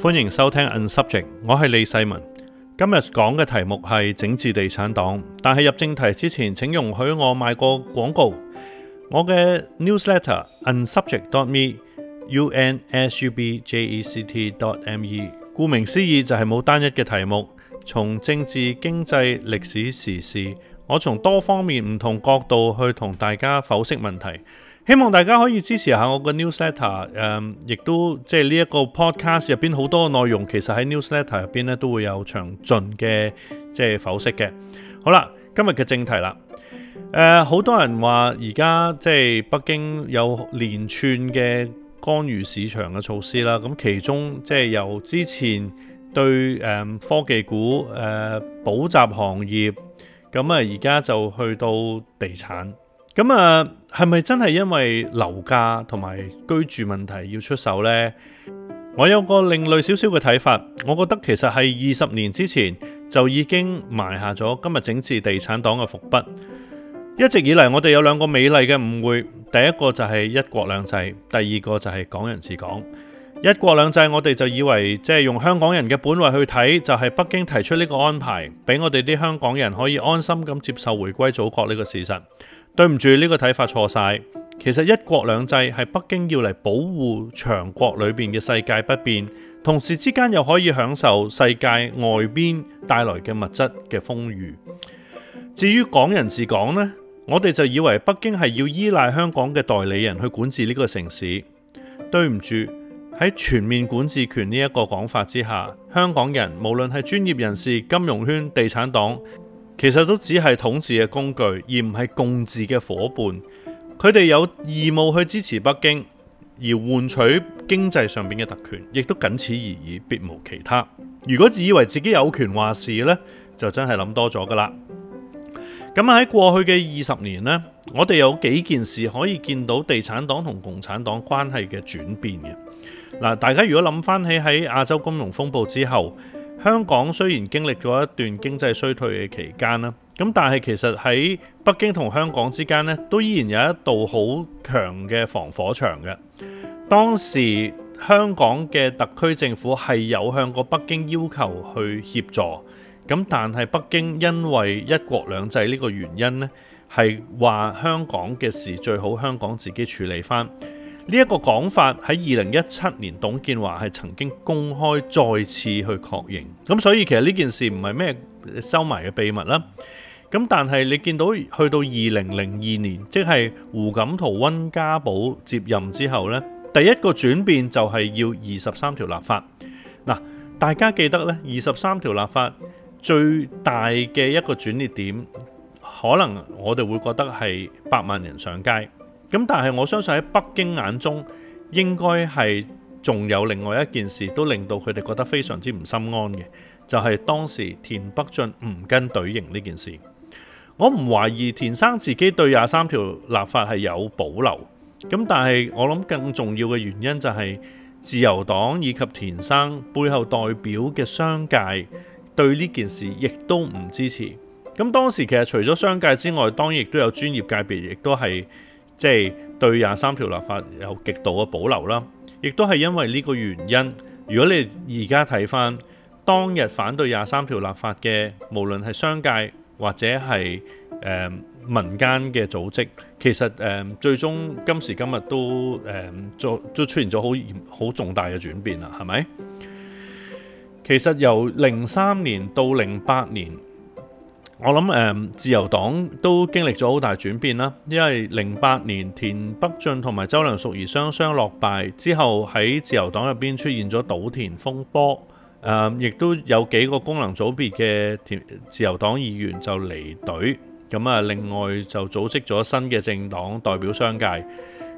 歡迎收聽 Unsubject，我係李世文。今日講嘅題目係整治地產黨，但係入正題之前，請容許我賣個廣告。我嘅 newsletter Unsubject.me，U-N-S-U-B-J-E-C-T.dot.m.e，顧名思義就係冇單一嘅題目，從政治、經濟、歷史、時事，我從多方面唔同角度去同大家剖析問題。希望大家可以支持下我嘅 newsletter，誒、嗯，亦都即係呢一個 podcast 入邊好多內容，其實喺 newsletter 入邊咧都會有詳盡嘅即係剖析嘅。好啦，今日嘅正題啦，誒、呃，好多人話而家即係北京有連串嘅干預市場嘅措施啦，咁其中即係由之前對誒、嗯、科技股誒、呃、補習行業，咁啊而家就去到地產。咁啊，係咪真係因為樓價同埋居住問題要出手呢？我有個另類少少嘅睇法，我覺得其實係二十年之前就已經埋下咗今日整治地產黨嘅伏筆。一直以嚟，我哋有兩個美麗嘅誤會，第一個就係一國兩制，第二個就係港人治港。一國兩制，我哋就以為即係用香港人嘅本位去睇，就係北京提出呢個安排，俾我哋啲香港人可以安心咁接受回歸祖國呢個事實。對唔住，呢個睇法錯晒。其實一國兩制係北京要嚟保護牆國裏邊嘅世界不變，同時之間又可以享受世界外邊帶來嘅物質嘅豐裕。至於港人治港呢，我哋就以為北京係要依賴香港嘅代理人去管治呢個城市。對唔住，喺全面管治權呢一個講法之下，香港人無論係專業人士、金融圈、地產黨。其實都只係統治嘅工具，而唔係共治嘅夥伴。佢哋有義務去支持北京，而換取經濟上邊嘅特權，亦都僅此而已，別無其他。如果自以為自己有權話事呢，就真係諗多咗噶啦。咁喺過去嘅二十年呢，我哋有幾件事可以見到地產黨同共產黨關係嘅轉變嘅。嗱，大家如果諗翻起喺亞洲金融風暴之後。香港雖然經歷咗一段經濟衰退嘅期間啦，咁但係其實喺北京同香港之間咧，都依然有一道好強嘅防火牆嘅。當時香港嘅特區政府係有向過北京要求去協助，咁但係北京因為一國兩制呢個原因咧，係話香港嘅事最好香港自己處理返。呢一個講法喺二零一七年，董建華係曾經公開再次去確認。咁所以其實呢件事唔係咩收埋嘅秘密啦。咁但係你見到去到二零零二年，即係胡錦濤、溫家寶接任之後呢，第一個轉變就係要二十三條立法。嗱，大家記得呢，二十三條立法最大嘅一個轉捩點，可能我哋會覺得係百萬人上街。咁但係，我相信喺北京眼中，應該係仲有另外一件事，都令到佢哋覺得非常之唔心安嘅，就係當時田北俊唔跟隊形呢件事。我唔懷疑田生自己對廿三條立法係有保留，咁但係我諗更重要嘅原因就係自由黨以及田生背後代表嘅商界對呢件事亦都唔支持。咁當時其實除咗商界之外，當然亦都有專業界別，亦都係。即係對廿三條立法有極度嘅保留啦，亦都係因為呢個原因。如果你而家睇翻當日反對廿三條立法嘅，無論係商界或者係誒、呃、民間嘅組織，其實誒、呃、最終今時今日都誒做、呃、都出現咗好好重大嘅轉變啦，係咪？其實由零三年到零八年。我諗誒、嗯，自由黨都經歷咗好大轉變啦，因為零八年田北俊同埋周梁淑怡雙雙落敗之後，喺自由黨入面出現咗倒田風波，亦、嗯、都有幾個功能組別嘅自由黨議員就離隊，咁啊，另外就組織咗新嘅政黨代表商界。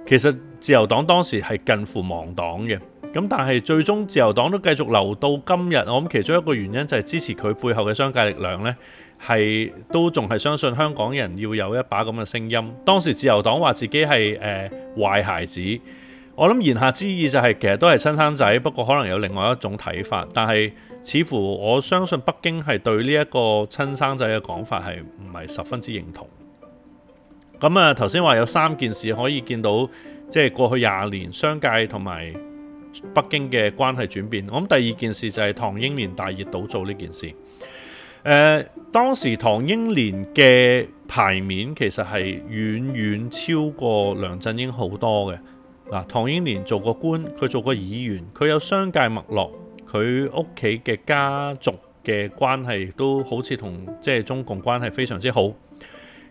其實自由黨當時係近乎亡黨嘅，咁但係最終自由黨都繼續留到今日。我諗其中一個原因就係支持佢背後嘅商界力量呢。係都仲係相信香港人要有一把咁嘅聲音。當時自由黨話自己係誒壞孩子，我諗言下之意就係、是、其實都係親生仔，不過可能有另外一種睇法。但係似乎我相信北京係對呢一個親生仔嘅講法係唔係十分之認同。咁啊，頭先話有三件事可以見到，即、就、係、是、過去廿年商界同埋北京嘅關係轉變。我諗第二件事就係唐英年大熱倒灶呢件事。誒、呃、當時唐英年嘅牌面其實係遠遠超過梁振英好多嘅。嗱、呃，唐英年做過官，佢做過議員，佢有商界脈絡，佢屋企嘅家族嘅關係都好似同即係中共關係非常之好。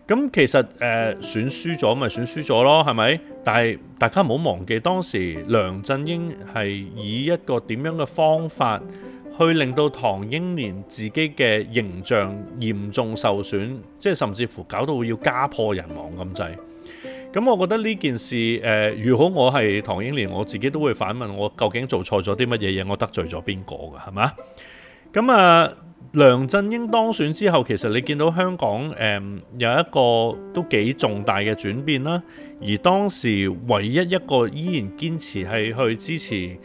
咁、嗯、其實誒、呃、選輸咗咪選輸咗咯，係咪？但係大家唔好忘記當時梁振英係以一個點樣嘅方法。去令到唐英年自己嘅形象嚴重受損，即係甚至乎搞到要家破人亡咁滯。咁我覺得呢件事，誒、呃，如果我係唐英年，我自己都會反問我究竟做錯咗啲乜嘢嘢？我得罪咗邊個嘅，係嘛？咁啊、呃，梁振英當選之後，其實你見到香港誒、呃、有一個都幾重大嘅轉變啦。而當時唯一一個依然堅持係去支持。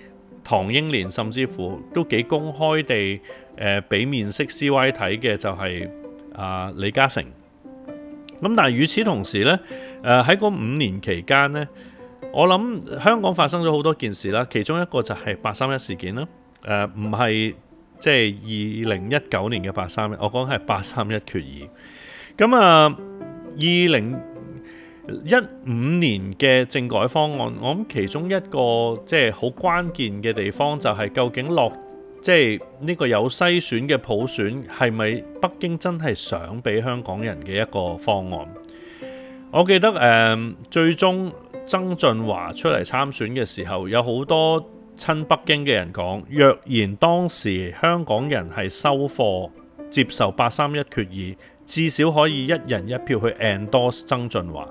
唐英年甚至乎都幾公開地誒俾面色 C Y 睇嘅就係啊李嘉誠。咁但係與此同時呢，誒喺嗰五年期間呢，我諗香港發生咗好多件事啦，其中一個就係八三一事件啦。誒唔係即係二零一九年嘅八三一，我講係八三一決議。咁啊二零一五年嘅政改方案，我諗其中一個即係好關鍵嘅地方，就係究竟落即係呢個有篩選嘅普選係咪北京真係想俾香港人嘅一個方案？我記得，嗯，最終曾俊華出嚟參選嘅時候，有好多親北京嘅人講：若然當時香港人係收貨接受八三一決議，至少可以一人一票去 endorse 曾俊華。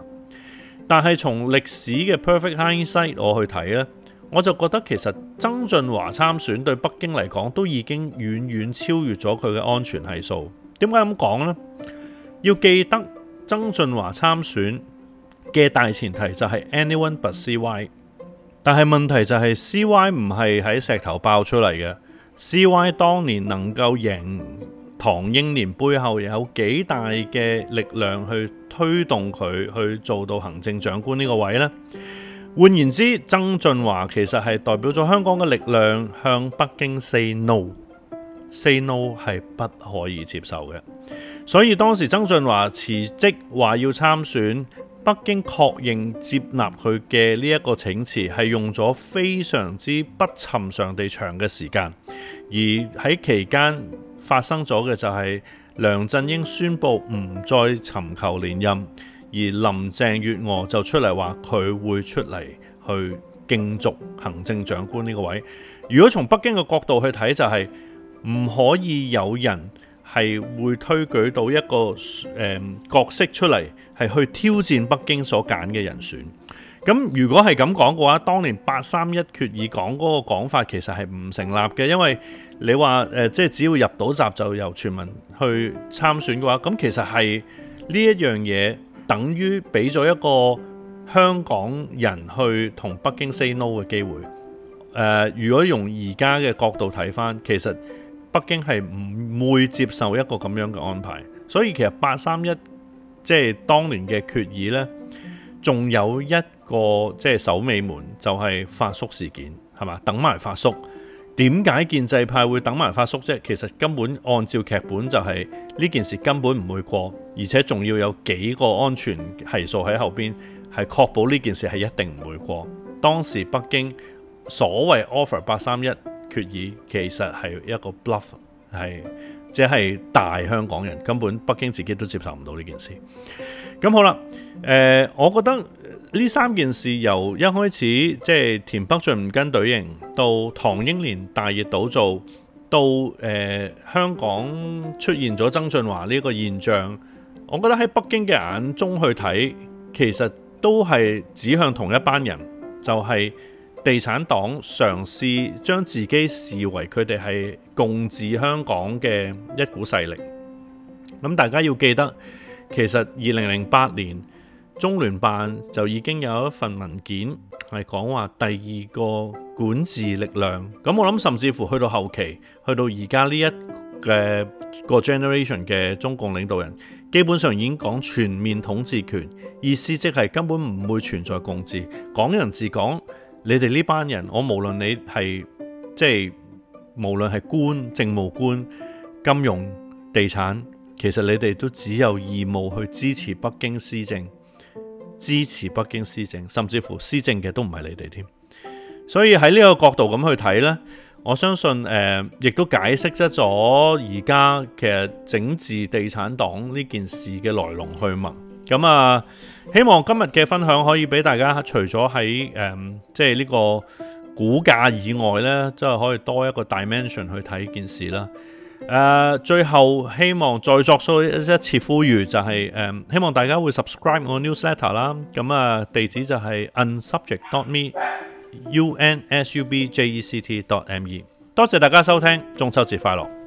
但係從歷史嘅 perfect hindsight 我去睇呢，我就覺得其實曾俊華參選對北京嚟講都已經遠遠超越咗佢嘅安全係數。點解咁講呢？要記得曾俊華參選嘅大前提就係 anyone but CY，但係問題就係 CY 唔係喺石頭爆出嚟嘅，CY 當年能夠贏。唐英年背後有幾大嘅力量去推動佢去做到行政長官呢個位呢？換言之，曾俊華其實係代表咗香港嘅力量向北京 say no，say no 係 say no 不可以接受嘅。所以當時曾俊華辭職話要參選，北京確認接納佢嘅呢一個請辭，係用咗非常之不尋常地長嘅時間，而喺期間，發生咗嘅就係梁振英宣布唔再尋求連任，而林鄭月娥就出嚟話佢會出嚟去競逐行政長官呢個位。如果從北京嘅角度去睇，就係、是、唔可以有人係會推舉到一個誒、呃、角色出嚟，係去挑戰北京所揀嘅人選。咁如果係咁講嘅話，當年八三一決議講嗰個講法其實係唔成立嘅，因為你話誒，即係只要入到閘就由全民去參選嘅話，咁其實係呢一樣嘢等於俾咗一個香港人去同北京 say no 嘅機會。誒，如果用而家嘅角度睇返，其實北京係唔會接受一個咁樣嘅安排，所以其實八三一即係當年嘅決議呢。仲有一個即係守尾門，就係發叔事件係嘛？等埋發叔，點解建制派會等埋發叔啫？其實根本按照劇本就係呢件事根本唔會過，而且仲要有幾個安全係數喺後邊係確保呢件事係一定唔會過。當時北京所謂 offer 八三一決議，其實係一個 bluff 係。即係大香港人根本北京自己都接受唔到呢件事，咁好啦、呃。我覺得呢三件事由一開始即係田北俊唔跟隊形，到唐英年大熱倒灶，到、呃、香港出現咗曾俊華呢個現象，我覺得喺北京嘅眼中去睇，其實都係指向同一班人，就係、是。地產黨嘗試將自己視為佢哋係共治香港嘅一股勢力。咁大家要記得，其實二零零八年中聯辦就已經有一份文件係講話第二個管治力量。咁我諗甚至乎去到後期，去到而家呢一個 generation 嘅中共領導人，基本上已經講全面統治權，意思即係根本唔會存在共治，港人治港。你哋呢班人，我無論你係即係，無論係官、政務官、金融、地產，其實你哋都只有義務去支持北京施政，支持北京施政，甚至乎施政嘅都唔係你哋添。所以喺呢個角度咁去睇呢，我相信誒，亦、呃、都解釋咗而家嘅整治地產黨呢件事嘅來龍去脈。咁、嗯、啊～希望今日嘅分享可以俾大家除了，除咗喺誒，即係呢個股價以外咧，即係可以多一個 dimension 去睇件事啦。誒、呃，最後希望再作出一次呼籲，就是，就係誒，希望大家會 subscribe 我 newsletter 啦。咁啊，地址就係 u n s u b j e c t dot me u n s u b j e c t dot m e。多謝大家收聽，中秋節快樂！